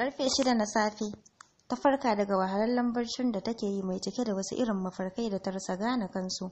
Karfe shida na safe, ta farka daga wahalar barcin da take yi mai cike da wasu irin mafarkai da ta rasa gane kansu.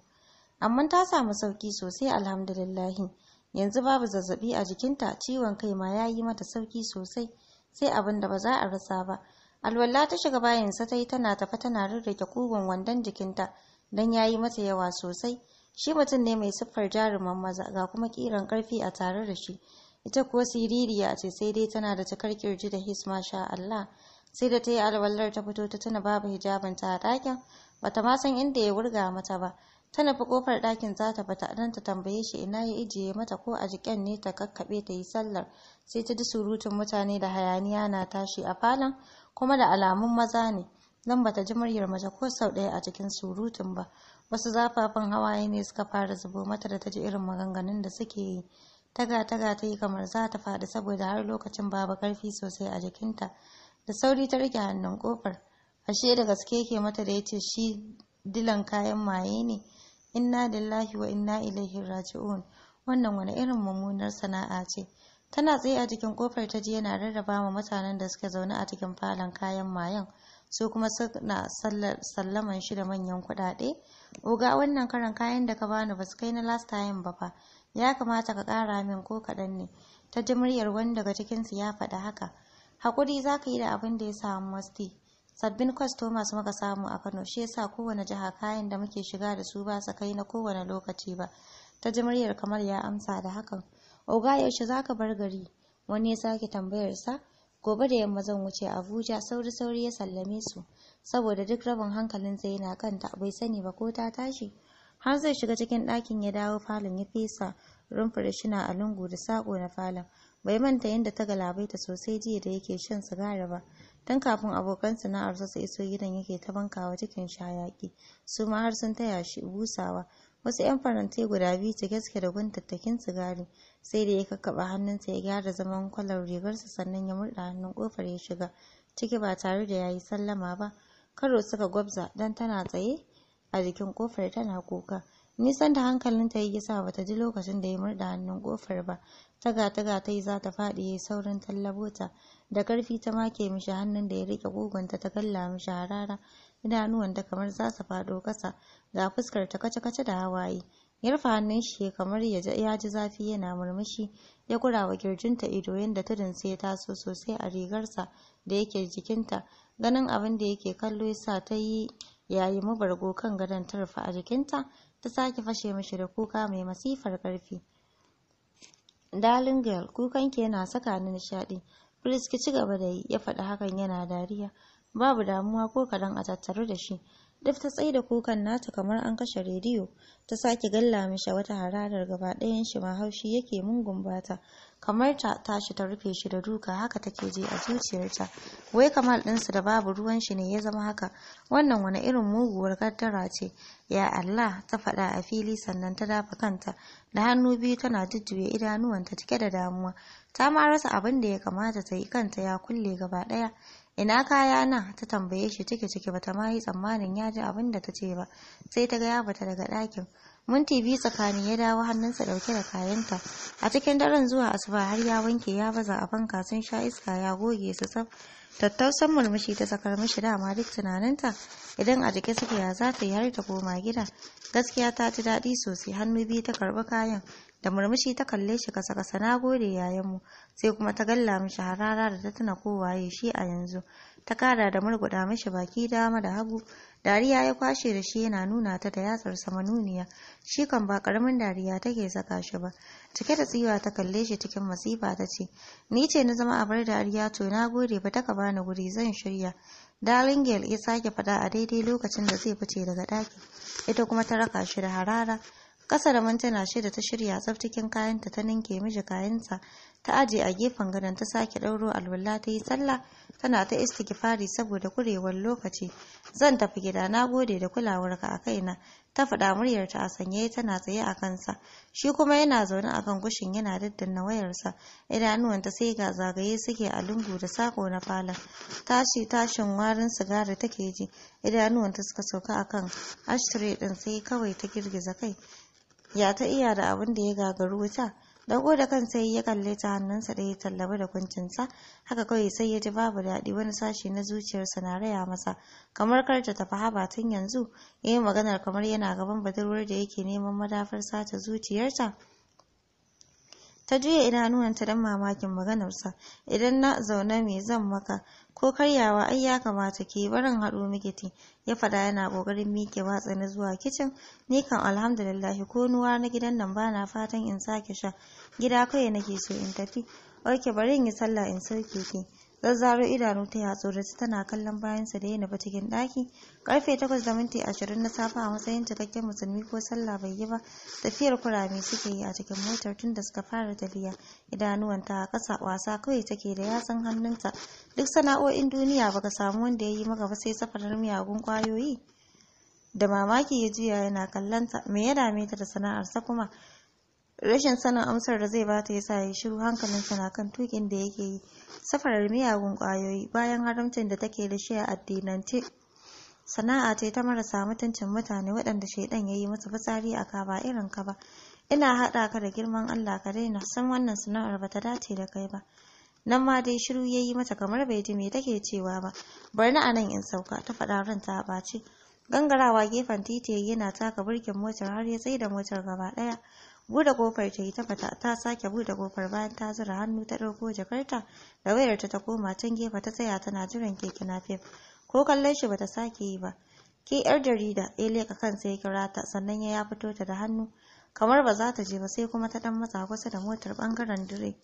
Amma ta samu sauki sosai alhamdulillahi. Yanzu babu zazzabi a jikinta, ciwon kai ma ya yi mata sauki sosai, sai abin da ba za a rasa ba. Alwala ta shiga sa ta yi tana tafa tana rirrike kugon wandon jikinta don ya yi mata yawa sosai. Shi mutum ne mai siffar jaruman maza ga kuma kiran karfi a tare da shi. ita kuwa siririya ce sai dai tana da cikar kirji da hisma sha Allah sai da ta yi alwallar ta fito ta tuna babu hijabin ta a ɗakin bata ma san inda ya wurga mata ba ta nufi kofar ɗakin za ta fita don ta tambaye shi ina ya ijiye mata ko a jikin ne ta kakkaɓe ta yi sallar sai ta ji surutun mutane da hayaniya na tashi a falon kuma da alamun maza ne don bata ji muryar mace ko sau ɗaya a cikin surutun ba wasu zafafan hawaye ne suka fara zubo mata da ta ji irin maganganun da suke yi taga-taga ta yi kamar za ta faɗi saboda har lokacin babu ƙarfi sosai a jikinta da sauri ta rike hannun ƙofar ashe da gaske ke mata da ya ce shi dilan kayan maye ne inna lillahi wa inna ilaihi raji'un wannan wani irin mummunar sana'a ce tana tsaye a jikin kofar ta ji yana rarraba ma mutanen da suke zaune a cikin falon kayan mayen, su kuma suna sallaman shi da manyan kuɗaɗe oga wannan karan kayan da ka bani ba su kai na last time ba fa ya kamata ka ƙara min ko kaɗan ne ta ji muryar wani daga cikinsu ya faɗi haka haƙuri za ka yi da abin da ya samu masti sabbin kwastomas muka samu a kano shi yasa kowane jiha kayan da muke shiga da su ba su kai na kowane lokaci ba ta ji muryar kamar ya amsa da hakan oga yaushe za ka bar gari wani ya sake tambayarsa gobe da yamma zan wuce abuja sauri sauri ya sallame su saboda duk rabin hankalin yana kanta bai sani ba ko ta tashi har zai shiga cikin ɗakin ya dawo falon ya fesa rumfar shina a lungu da saƙo na falon bai manta yadda ta ta sosai jiya da yake shan sigara ba tun kafin abokan sana'ar su iso gidan yake ta bankawa cikin shayaki su ma har sun taya shi busawa wasu 'yan farantai guda biyu ta gaske da guntattakin sigari sai da ya kakkaba hannunsa ya gyara zaman kwalar rigarsa sannan ya murɗa hannun kofar ya shiga ciki ba tare da ya yi sallama ba karo suka gwabza dan tana tsaye a jikin kofar tana kuka nisan da hankalinta ya sa bata ji lokacin da ya murda hannun kofar ba taga taga ta yi za ta faɗi ya yi saurin tallabota da ƙarfi ta make mishi hannun da ya rike gugunta ta kalla mishi harara idanuwanta kamar za su faɗo ƙasa ga fuskar ta kace kace da hawaye ya rufe hannun shi kamar ya ji zafi yana murmushi ya kurawa kirjinta ido yadda tudun sai ya taso sosai a rigarsa da yake jikinta ganin abin da yake kallo ya sa ta yi yayi mu kan gadon ta rufe a jikinta ta sake fashe mishi da kuka mai masifar ƙarfi darling girl kukanki yana saka ni nishaɗi please ki ci gaba da yi ya faɗi hakan yana dariya babu damuwa ko kaɗan a tattaru da shi duk ta tsaye da kukan nata kamar an kashe rediyo ta sake galla mishi wata hararar gaba ɗayan shi ma haushi yake mungun bata kamar ta tashi ta rufe shi da duka haka take je a zuciyarta wai kamal ɗinsu da babu ruwan shi ne ya zama haka wannan wani irin muguwar kaddara ce ya Allah ta faɗa a fili sannan ta dafa kanta da hannu biyu tana jujjuya idanuwanta cike da damuwa ta ma rasa abin da ya kamata ta yi kanta ya kulle gaba ɗaya ina kaya na ta tambaye shi ciki ciki bata ma yi tsammanin ya ji abin da ta ce ba sai ta ga ya fita daga ɗakin minti biyu tsakanin ya dawo hannunsa ɗauke da kayanta a cikin daren zuwa asuba har ya wanke ya baza a fanka sun sha iska ya goge su tsaf tattausan murmushi ta sakar mishi dama duk tunaninta idan a jiki suke ya za ta yi har ta koma gida gaskiya ta ji daɗi sosai hannu biyu ta karɓi kayan da murmushi ta kalle shi kasa kasa na gode yayanmu sai kuma ta galla mishi harara da ta tuna ko waye shi a yanzu ta kara da murguda mishi baki dama da hagu dariya ya kwashe da shi yana nuna ta da yatsar manuniya shi kan ba karamin dariya take saka shi ba cike da tsiwa ta kalle shi cikin masifa ta ce ni ce na zama a abar dariya to na gode ba ta ka bani guri zan shirya Darling girl ya sake fada a daidai lokacin da zai fice daga ɗakin, ita kuma ta raka shi da harara, Ƙasa da mintuna shida ta shirya tsaf cikin kayanta ta ninke miji kayansa ta aje a gefen gadon ta sake ɗauro alwala ta yi sallah tana ta istighfari saboda kurewar lokaci zan tafi gida na gode da kulawarka a kaina ta faɗa ta a sanye tana tsaye a kansa shi kuma yana zaune a kan kushin yana daddanna wayarsa idanuwanta sai ga zagaye suke a lungu da sako na falon tashi tashin warin sigari take ji idanuwanta suka sauka akan ashtray ɗin sai kawai ta girgiza kai ya ta iya da abin da ya gagaru wuta dago da kan sai ya kalle ta hannunsa da ya tallabi da kuncinsa haka kawai sai ya ji babu daɗi wani sashi na zuciyarsa na raya masa kamar kar ta tafi haba tun yanzu ya maganar kamar yana gaban budurwar da yake neman madafar sace zuciyarta Ta juya idanuwanta don mamakin maganarsa, idan na zauna me zan maka, ko karyawa ai ya kamata ki barin haɗo mikiti. ya faɗa yana ƙoƙarin miƙe watsa na zuwa kicin, ni kan alhamdulillah ko nuwa na gidan nan bana fatan in sake sha, gida kai nake so in tafi, oke bari in yi sallah in sauke ki. zazzaro idanu ta yatsu da tana kallon bayansa da ya nufi cikin ɗaki karfe 8 da minti 20 na safe a matsayin cikakken musulmi ko sallah bai yi ba tafiyar kurame suke yi a cikin motar tun da suka fara tafiya idanuwanta a kasa wasa kawai take da yatsun hannunta duk sana'o'in duniya baka samu wanda ya yi maka ba sai safarar miyagun kwayoyi da mamaki ya juya yana kallonta me ya dame ta da sana'arsa kuma rashin sanin amsar da zai bata yasa sa ya shiru hankalinsa na kan tukin da yake yi safarar miyagun kwayoyi bayan haramcin da take da shi a addinance sana'a ce ta marasa mutuncin mutane waɗanda shaidan ya yi masa fitsari a ka ba irin ka ba ina haɗa ka da girman allah ka daina san wannan sana'ar ba ta dace da kai ba nan ma dai shiru ya yi mata kamar bai ji me take cewa ba bari a nan in sauka ta faɗa ranta a ɓace gangarawa gefen titi yana taka birkin motar har ya tsaye da motar gaba ɗaya bude kofar ta yi ta fata ta sake bude kofar bayan ta zura hannu ta ɗauko jakarta da wayarta ta koma can gefe ta tsaya tana jiran keke na fim. ko kallon shi bata sake yi ba ke yar jarida ya leka kansa ya kira ta sannan ya fito ta da hannu kamar ba za ta je ba sai kuma ta dan matsa kusa da motar bangaren dire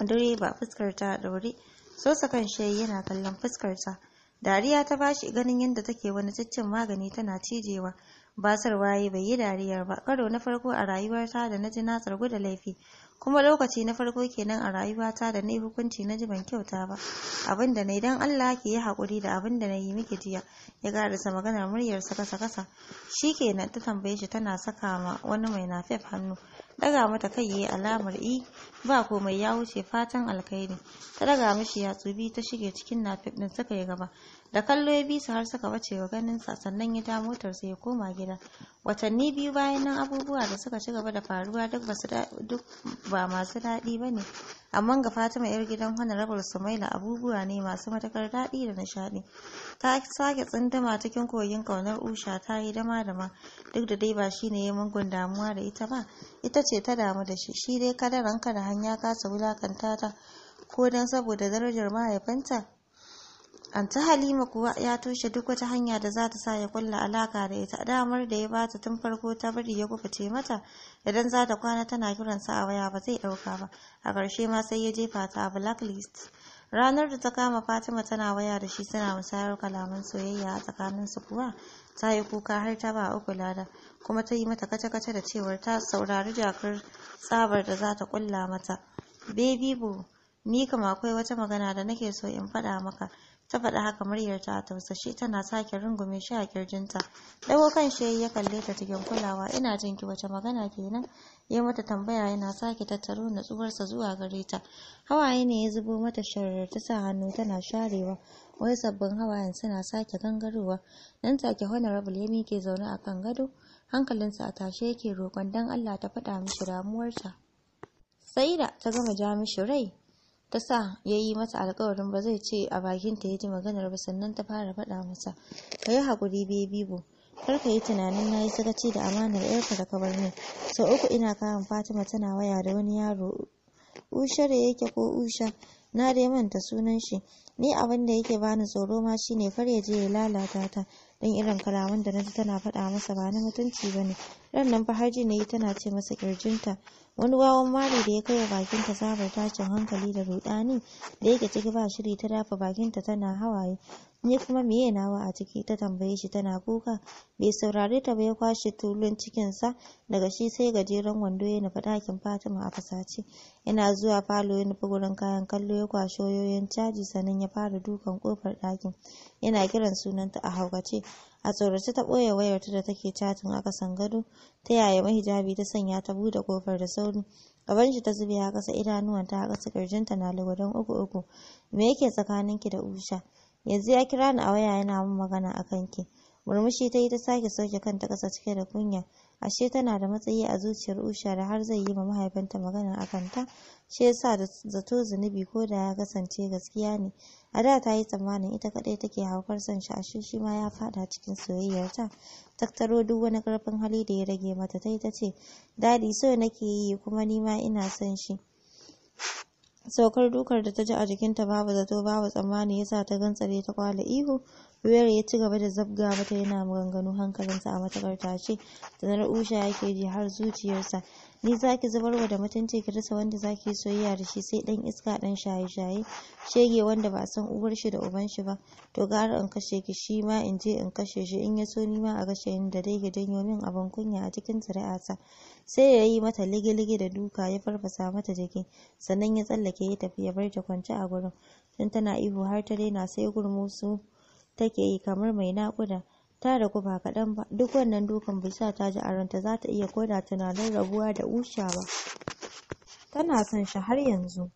direba fuskar ta daure sosa kan shi yana kallon fuskar ta dariya ta bashi ganin yadda take wani ciccin magani tana cijewa basar waye bai yi dariyar ba, karo na farko a rayuwarta da na ji na tsargu da laifi, kuma lokaci na farko kenan a rayuwata da na yi hukunci na ji ban kyauta ba, abin da na yi don Allah ke yi haƙuri da abin da na yi miki jiya, ya ƙarasa maganar muryarsa kasa-kasa, shi kenan ta tambaye shi tana saka ma wani mai nafef hannu, daga mata kai yayi alamar i ba komai ya wuce fatan alkhairi ta daga mishi yatsu biyu ta shige cikin nafif ɗin suka yi gaba da kallo ya bi su har suka bace wa sa sannan ya ta motarsa ya koma gida watanni biyu bayan nan abubuwa da suka ci gaba da faruwa duk ba masu daɗi ba ne amma ga fatima yar gidan honorable sumaila abubuwa ne masu matakar daɗi da nishaɗi ta sake tsinduma cikin koyin ƙaunar usha ta yi dama dama duk da dai ba shi ne ya mungun damuwa da ita ba ita ce ta damu da shi shi dai kadaranka da hanya kasa wulakanta ta ko don saboda darajar mahaifinta? Anta Halima kuwa ya toshe duk wata hanya da za ta sa ya kulla alaka da ita damar da ya bata tun farko ta bari ya kufuce mata idan za ta kwana tana kiransa a waya ba zai ɗauka ba a karshe ma sai ya jefa ta a blacklist ranar da ta kama Fatima tana waya da shi suna musayar kalaman soyayya a su kuwa ta yi kuka har ta ba uku lada kuma ta yi mata kace-kace da cewar ta saurari jakar tsabar da za ta kulla mata baby boo ni kam akwai wata magana da nake so in faɗa maka ta faɗi haka muryar ta tausashe tana sake rungume shi a kirjinta ɗago kan shi ya kalle ta cikin kulawa ina jin ki wace magana kenan ya mata tambaya yana sake tattaro natsuwarsa zuwa gare ta hawaye ne ya zubo mata sharar ta sa hannu tana sharewa wai sabbin hawayen suna sake gangarowa nan take honorable ya miƙe zaune a kan gado hankalinsa a tashe yake roƙon don allah ta faɗa mishi damuwarta sai da ta gama ja mishi rai ta sa ya yi mata alkawarin ba zai ce a bakinta ya ji maganar ba sannan ta fara faɗa masa ka yi haƙuri bebibo kar ka yi tunanin na yi sakaci da amanar yarka da kabar min sau uku ina kayan fatima tana waya da wani yaro ushar yake ko usha na dai manta sunan shi ni abin da yake bani tsoro ma shine kar ya je ya lalata ta dan irin kalaman da na ji tana faɗa masa ba na mutunci ba ne ran nan fa har tana ce masa ƙirjinta. wani wawan mari da ya kai wa bakinta sabar tashin hankali da rudani da yake ciki ba shiri ta dafa bakinta tana hawaye ni kuma meye nawa a ciki ta tambaye shi tana kuka bai saurare ta ba ya kwashe tulun cikinsa daga shi sai gajeren wando ya nufa ɗakin fatima a fasace yana zuwa falo ya nufi gurin kayan kallo ya kwashe wayoyin caji sannan ya fara dukan kofar ɗakin yana kiran sunanta a haukace a tsorace ta ɓoye wayarta da take catin a kasan gado ta yaya mahijabi ta sanya ta buɗe kofar da sauri gaban shi ta zube a ƙasa idanuwanta a ƙasa ƙirjinta na lugudan uku uku me yake tsakaninki da usha yanzu ya kira ni a waya yana min magana akan ki murmushi ta yi ta sake sauke kanta ƙasa cike da kunya ashe tana da matsayi a zuciyar usha da har zai yi ma mahaifinta magana a kanta shi yasa da zato zunubi ko da ya kasance gaskiya ne a da ta yi tsammanin ita kadai take haukar son shi ashe shi ma ya fada cikin soyayyarta tattaro duk wani karfin hali da ya rage mata ta yi ta ce dadi so nake yi kuma ni ma ina son shi Saukar dukar da ta ji a jikinta babu zato babu tsammani ya sa ta gantsare ta kwala ihu. Wayar ya ci gaba da zabga mata yana maganganu hankalinsa a matakar tashe. Sanar Usha yake ji har zuciyarsa. ni zaki wa da mutunci ki rasa wanda zaki soyayya da shi sai dan iska dan shaye-shaye shege wanda ba san uwar shi da uban shi ba to gara in kashe ki shi ma in je in kashe shi in ya so ni ma a kashe ni da dai ki janyo min abin kunya a cikin zuri'ata sai ya yi mata lige-lige da duka ya farfasa mata jiki sannan ya tsallake ya tafi ya bar ta kwance a gurin tun tana ihu har ta daina sai gurmusu take yi kamar mai naƙuda ta ragu ba kaɗan ba duk wannan dukan bai sa ta ji a ranta za ta iya koda tunanin rabuwa da usha ba tana son shi har yanzu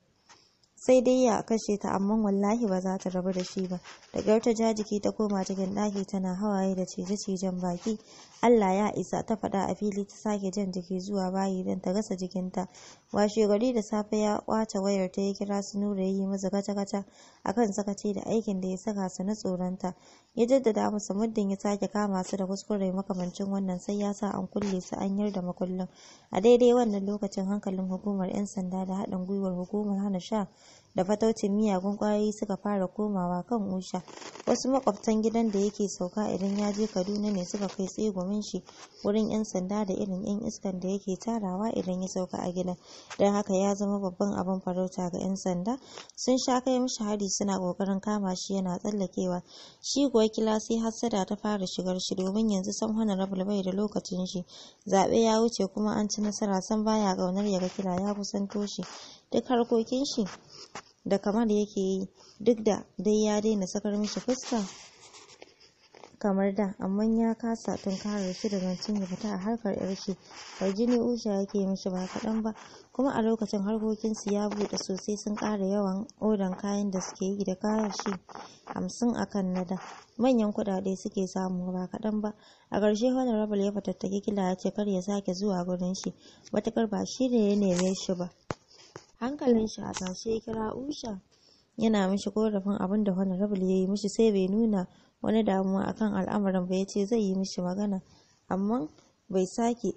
sai dai ya kashe ta amma wallahi ba za ta rabu da shi ba da gar ta jiki ta koma cikin daki tana hawaye da cije-cijen baki Allah ya isa ta fada a fili ta sake jan jiki zuwa bayi don ta gasa jikinta washe gari da safe ya kwace wayar ta ya kira su nura yi masa gata gata akan sakaci da aikin da ya saka su na tsoronta ya jaddada musu muddin ya sake kama su da kuskure makamancin wannan sai ya sa an kulle su an yarda makullin a daidai wannan lokacin hankalin hukumar 'yan sanda da haɗin gwiwar hukumar hana sha da fataucin miyagun kwayoyi suka fara komawa kan usha wasu makwabtan gidan da yake sauka idan ya je kaduna ne suka kai tsegumin shi wurin yan sanda da irin yan iskan da yake tarawa idan ya sauka a gidan don haka ya zama babban abin farauta ga yan sanda sun sha kai mishi hari suna kokarin kama shi yana tsallakewa shi kuwa kila sai hassada ta fara shigar shi domin yanzu san honorable bai da lokacin shi zaɓe ya wuce kuma an ci nasara san baya ƙaunar ya ga kila ya kusanto shi duk harkokin shi da kamar yake yi duk da dai ya daina sakar mishi fuska kamar da amma ya kasa tun kare shi da zancen ya fita a harkar yarki jini usha yake mishi ba kaɗan ba kuma a lokacin harkokinsu ya buɗe sosai sun ƙara yawan odan kayan da suke yi da shi hamsin a kan nada manyan kuɗaɗe suke samu ba kaɗan ba a ƙarshe wani rabal ya fatattaki kila ya ce kar ya sake zuwa gurin shi matukar ba shi ne ya neme shi ba hankalin shi a tashe kira usha yana mishi korafin abin da honorable ya yi mishi sai bai nuna wani damuwa a kan al'amarin ba ya ce zai yi mishi magana amma bai sake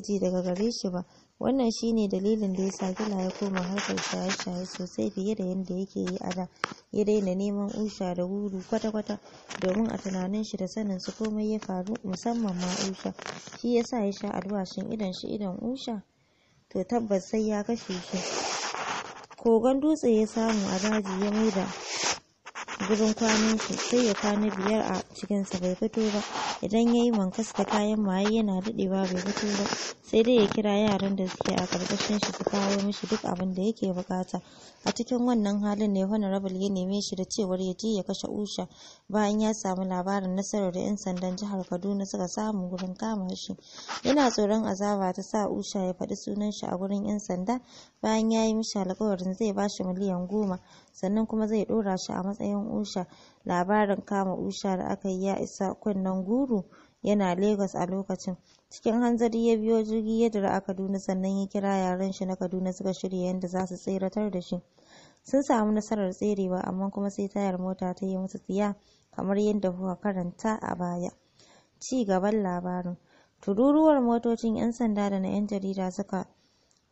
ji daga gare shi ba wannan shine dalilin da ya sa gila ya koma harkar shaye-shaye sosai fiye da yadda yake yi a da ya daina neman usha da wuru kwata-kwata domin a tunanin shi da sanin su komai ya faru musamman ma usha shi yasa ya sha alwashin idon shi idon usha to tabbas sai ya kashe shi kogon dutse ya samu a daji ya maida gurin kwanan shi sai ya kwana biyar a cikinsa bai fito ba idan ya yi wankas da kayan maye yana daɗewa bai fito ba sai dai ya kira yaran da suke a ƙarƙashin shi su kawo mishi duk abin da yake buƙata a cikin wannan halin ne honorable ya neme shi da cewar ya je ya kashe usha bayan ya samu labarin nasarar da 'yan sandan jihar kaduna suka samu gurin kama shi yana tsoron azaba ta sa usha ya faɗi sunan shi a gurin 'yan sanda bayan ya yi mishi alƙawarin zai ba shi miliyan goma sannan kuma zai ɗora shi a matsayin Usha. Labarin kama Usha da aka yi ya isa kunnen guru yana Legas a lokacin. Cikin hanzari ya biyo jirgi ya dira a Kaduna sannan ya kira yaren shi na Kaduna suka shirya yadda za su tseratar da shi. Sun samu nasarar tserewa amma kuma sai tayar mota ta yi musu tsiya kamar yadda kuka karanta a baya. Ci gaban labarin. Tururuwar motocin 'yan sanda da na 'yan jarida suka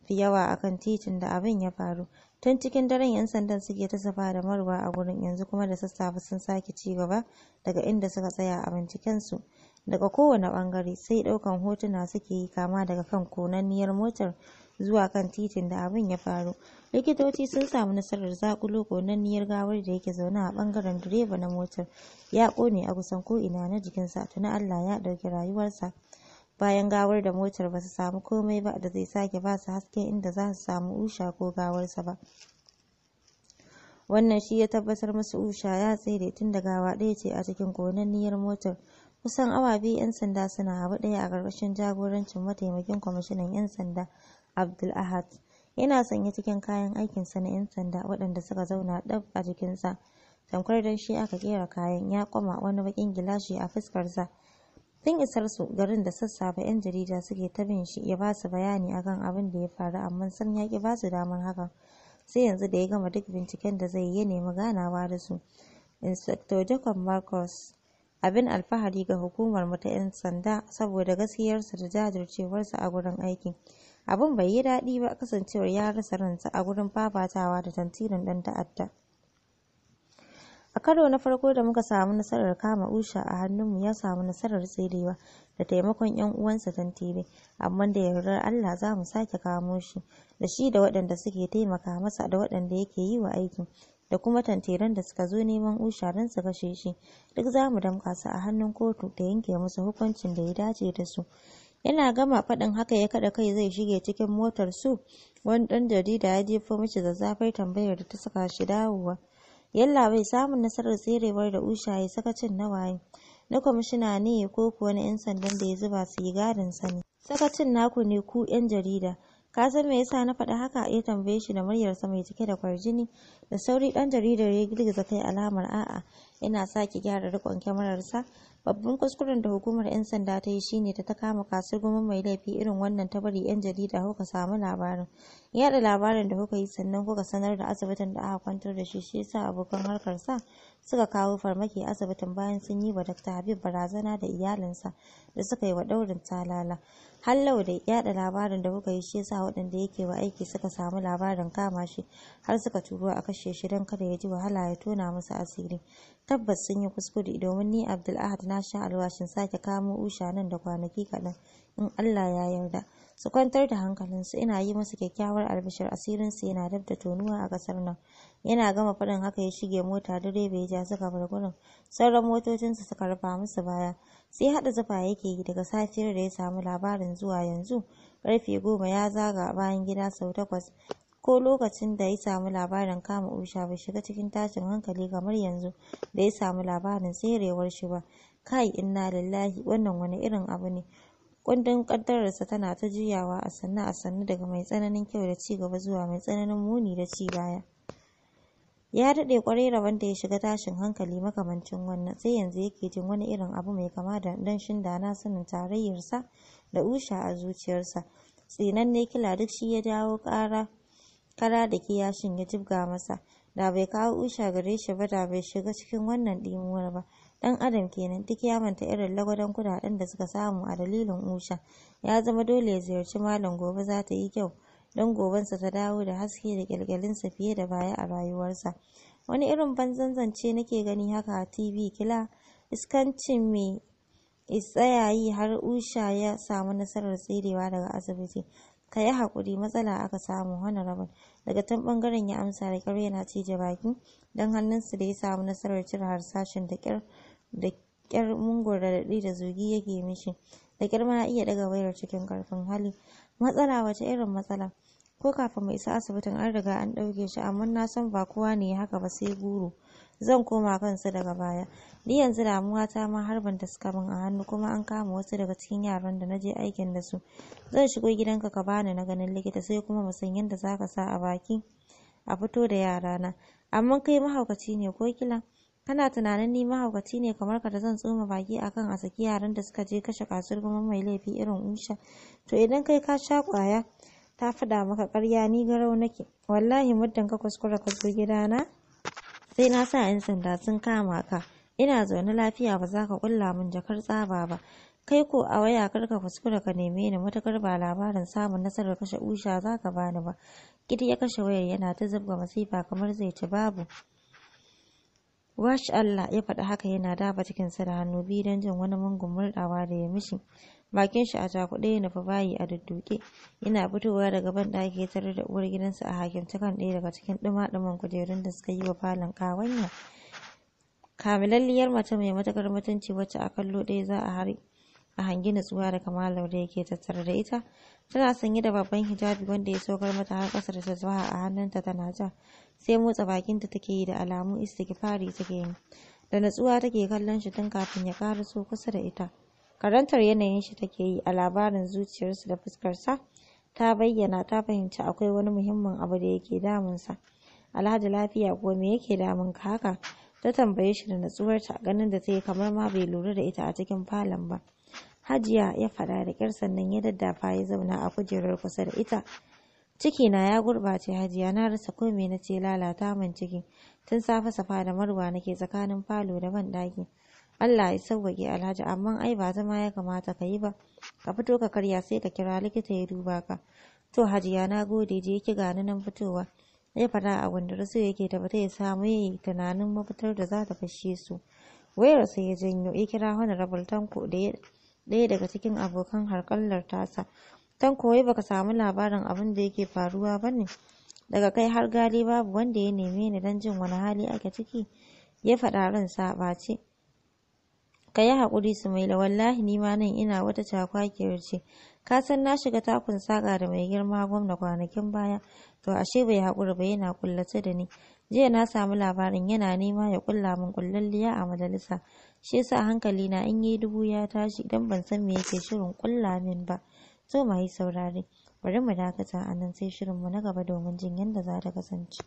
fi yawa akan titin da abin ya faru tun cikin daren yan sandan suke ta safa da marwa a gurin yanzu kuma da sassafe sun sake ci gaba daga inda suka tsaya a binciken su daga kowane bangare sai daukan hotuna suke yi kama daga kan konanniyar motar zuwa kan titin da abin ya faru likitoci sun samu nasarar zakulo konanniyar gawar da yake zaune a bangaren direba na motar ya kone a kusan ko ina na jikinsa tuni allah ya dauki rayuwarsa bayan gawar da motar ba su samu komai ba da zai sake ba su hasken inda za su samu usha ko gawarsa ba wannan shi ya tabbatar musu usha ya tsere tun da gawa ɗaya ce a cikin gonanniyar motar kusan awa biyu 'yan sanda suna haɓu ɗaya a ƙarƙashin jagorancin mataimakin kwamishinan 'yan sanda abdul ahad yana sanye cikin kayan aikinsa na 'yan sanda waɗanda suka zauna ɗab a jikinsa tamkar don shi aka kera kayan ya kwama wani baƙin gilashi a fuskarsa tun isar su garin da sassafe 'yan jarida suke ta bin shi ya ba su bayani akan abin da ya faru amma sam ya ƙi ba su damar hakan sai yanzu da ya gama duk binciken da zai yi nemi ganawa da su inspector jacob marcus abin alfahari ga hukumar mu ta 'yan sanda saboda gaskiyarsa da jajircewarsa a gurin aiki abin bai yi daɗi ba kasancewar ya rasa ransa a gurin fafatawa da tantirin ɗan ta'adda a karo na farko da muka samu nasarar kama usha a hannunmu ya samu nasarar tserewa da taimakon yan uwansa tantire amma da yardar allah za mu sake kamo shi da shi da waɗanda suke taimaka masa da waɗanda yake yi wa aikin da kuma tantiran da suka zo neman usha don su kashe shi duk za mu damƙa su a hannun kotu da yanke musu hukuncin da ya dace da su yana gama faɗin haka ya kaɗa kai zai shige cikin motar su wani ɗan jarida ya jefo mishi zazzafar tambayar da ta saka shi dawowa yalla bai samun nasarar tserewar da usha ya sakacin na waye na kwamishina ne ko kuwa na 'yan sandan da ya zuba su yi gadin sani sakacin naku ne ku 'yan jarida ka san me yasa na faɗi haka ya tambaye shi da muryarsa mai cike da kwarjini da sauri ɗan jaridar ya girgiza kai alamar a'a yana sake gyara riƙon kyamararsa babban kuskuren da hukumar 'yan sanda ta yi shine ta ta kama kasar goma mai laifi irin wannan ta bari 'yan jarida kuka samu labarin yaɗa labarin da kuka yi sannan kuka sanar da asibitin da aka kwantar da shi shi sa abokan harkar sa. suka kawo farmaki asibitin bayan sun yi wa Dr. Habib barazana da iyalinsa da suka yi wa daurin talala. Hallau da yaɗa labarin da kuka yi shi yasa waɗanda yake wa aiki suka samu labarin kama shi har suka turo a kashe shi don kada ya ji wahala ya tona musu asiri. Tabbas sun yi kuskure domin ni Abdul Ahad na sha alwashin sake kamo usha nan da kwanaki kaɗan in Allah ya yarda. su kwantar da hankalinsu ina yi masa kyakkyawar albishir asirinsu yana dab da tonuwa a kasar nan yana gama faɗin haka ya shige mota direba ya ja suka bar gurin sauran motocinsu suka rufa musu baya sai haɗa zufa yake yi daga safiyar da ya samu labarin zuwa yanzu karfe goma ya zaga bayan gida sau takwas ko lokacin da ya samu labarin kama usha bai shiga cikin tashin hankali kamar yanzu da ya samu labarin tserewar shi ba kai inna lillahi wannan wani irin abu ne Kundin kaddararsa tana ta juyawa a sannu a sannu daga mai tsananin kyau da ci gaba zuwa mai tsananin muni da ci baya. Ya daɗe kwarai rabon da ya shiga tashin hankali makamancin wannan sai yanzu yake jin wani irin abu mai kama da danshin da na sanin tarayyarsa da usha a zuciyarsa. Tsinanne kila duk shi ya dawo kara kara da ke yashin ya jibga masa. Da bai kawo usha gare shi ba da bai shiga cikin wannan ɗimuwar ba. dan adam kenan duk ya manta irin lagwadon kudaden da suka samu a dalilin usha ya zama dole ya ziyarci malam gobe za ta yi kyau don gobensa ta dawo da haske da kyalkyalinsa fiye da baya a rayuwarsa wani irin banzanzance nake gani haka a tv kila iskancin mai tsayayi har usha ya samu nasarar tserewa daga asibiti ka yi haƙuri matsala aka samu honorable daga tan bangaren ya amsa da kyar yana cije baki don hannunsa da ya samu nasarar cire harsashin da kyar da ƙyar mungon raɗaɗi da zugi yake mishi da ƙyar ma iya daga wayar cikin ƙarfin hali matsala wace irin matsala ko kafin mu isa asibitin an riga an ɗauke shi amma na san ba kowa ne haka ba sai guru zan koma kansu daga baya ni yanzu damuwa ta ma har ban taska min a hannu kuma an kama wasu daga cikin yaran da naje aikin da su zan shigo gidanka ka bani na ganin likita sai kuma mu san yadda zaka sa a baki a fito da yarana amma kai mahaukaci ne ko kila kana tunanin ni mahaukaci ne kamar ka da zan tsoma baki akan a saki yaran da suka je kashe kasuwar kuma mai laifi irin usha to idan kai ka sha kwaya ta faɗa maka karya ni garau nake wallahi muddin ka kuskura ka zo gidana sai na sa yan sanda sun kama ka ina zaune lafiya ba za ka kulla min jakar tsaba ba kai ko a waya kar ka kuskura ka neme ni matakar ba labarin samun nasarar kashe usha za ka bani ba kidi ya kashe wayar yana ta zubga masifa kamar zai ci babu Wash Allah ya faɗi haka yana dafa cikinsa da hannu biyu don jin wani mungun murɗawa da ya mishi. Bakin shi a cakuɗe ya nufi bayi a dudduke. Yana fitowa daga ban ɗaki ya tarar da uwar gidansa a hakimci kan ɗaya daga cikin ɗuma kujerun da suka yi wa falon kawanya Kamilalliyar mace mai matuƙar mutunci wacce a kallo ɗaya za a hari. a hangi natsuwa da kamalar da yake tattare da ita tana sanye da babban hijabi wanda ya saukar mata har ƙasa da tazwaha a hannunta tana ja sai motsa bakinta take yi da alamu istighfari take yi da natsuwa take kallon shi tun kafin ya so kusa da ita karantar yanayin shi take yi a labarin zuciyarsa da fuskarsa ta bayyana ta fahimci akwai wani muhimmin abu da yake damunsa alhaji lafiya ko me yake damun ka haka ta tambaye shi da natsuwarta ganin da ta kamar ma bai lura da ita a cikin falon ba Hajiya ya faɗa da ƙyar sannan ya daddafa ya zauna a kujerar kusa da ita. Ciki na ya gurɓace Hajiya na rasa komai na ce lalata man ciki. Tun safe safa da marwa nake tsakanin falo da ban ɗaki. Allah ya sauwaƙe Alhaji amma ai ba zama ya kamata ka yi ba. Ka fito ka karya sai ka kira likita ya duba ka. To Hajiya na gode je ki gani nan fitowa. Ya faɗa a wanda rasu yake tabbata ya samu yayi tunanin mafitar da za ta fashe su. Wayar ya janyo ya kira Honorable Tanko da ya ɗaya daga cikin abokan harkallar tasa tan koyi baka samu labarin abin da yake faruwa ba ne daga kai har gali babu wanda ya neme ni don jin wani hali ake ciki ya faɗa ran saɓace ka yi haƙuri sumaila wallahi ni ma nan ina wata cakwakiyar ce ka san na shiga takun saƙa da mai girma gwamna kwanakin baya to ashe bai haƙura ba yana kullace da ni jiya na samu labarin yana nema ya kulla min kullalliya a majalisa shi yasa hankali na in yi dubu ya tashi idan ban san me yake shirin kulla min ba so mu yi saurare bari mu dakata a nan sai mu na gaba domin jin yadda za ta kasance.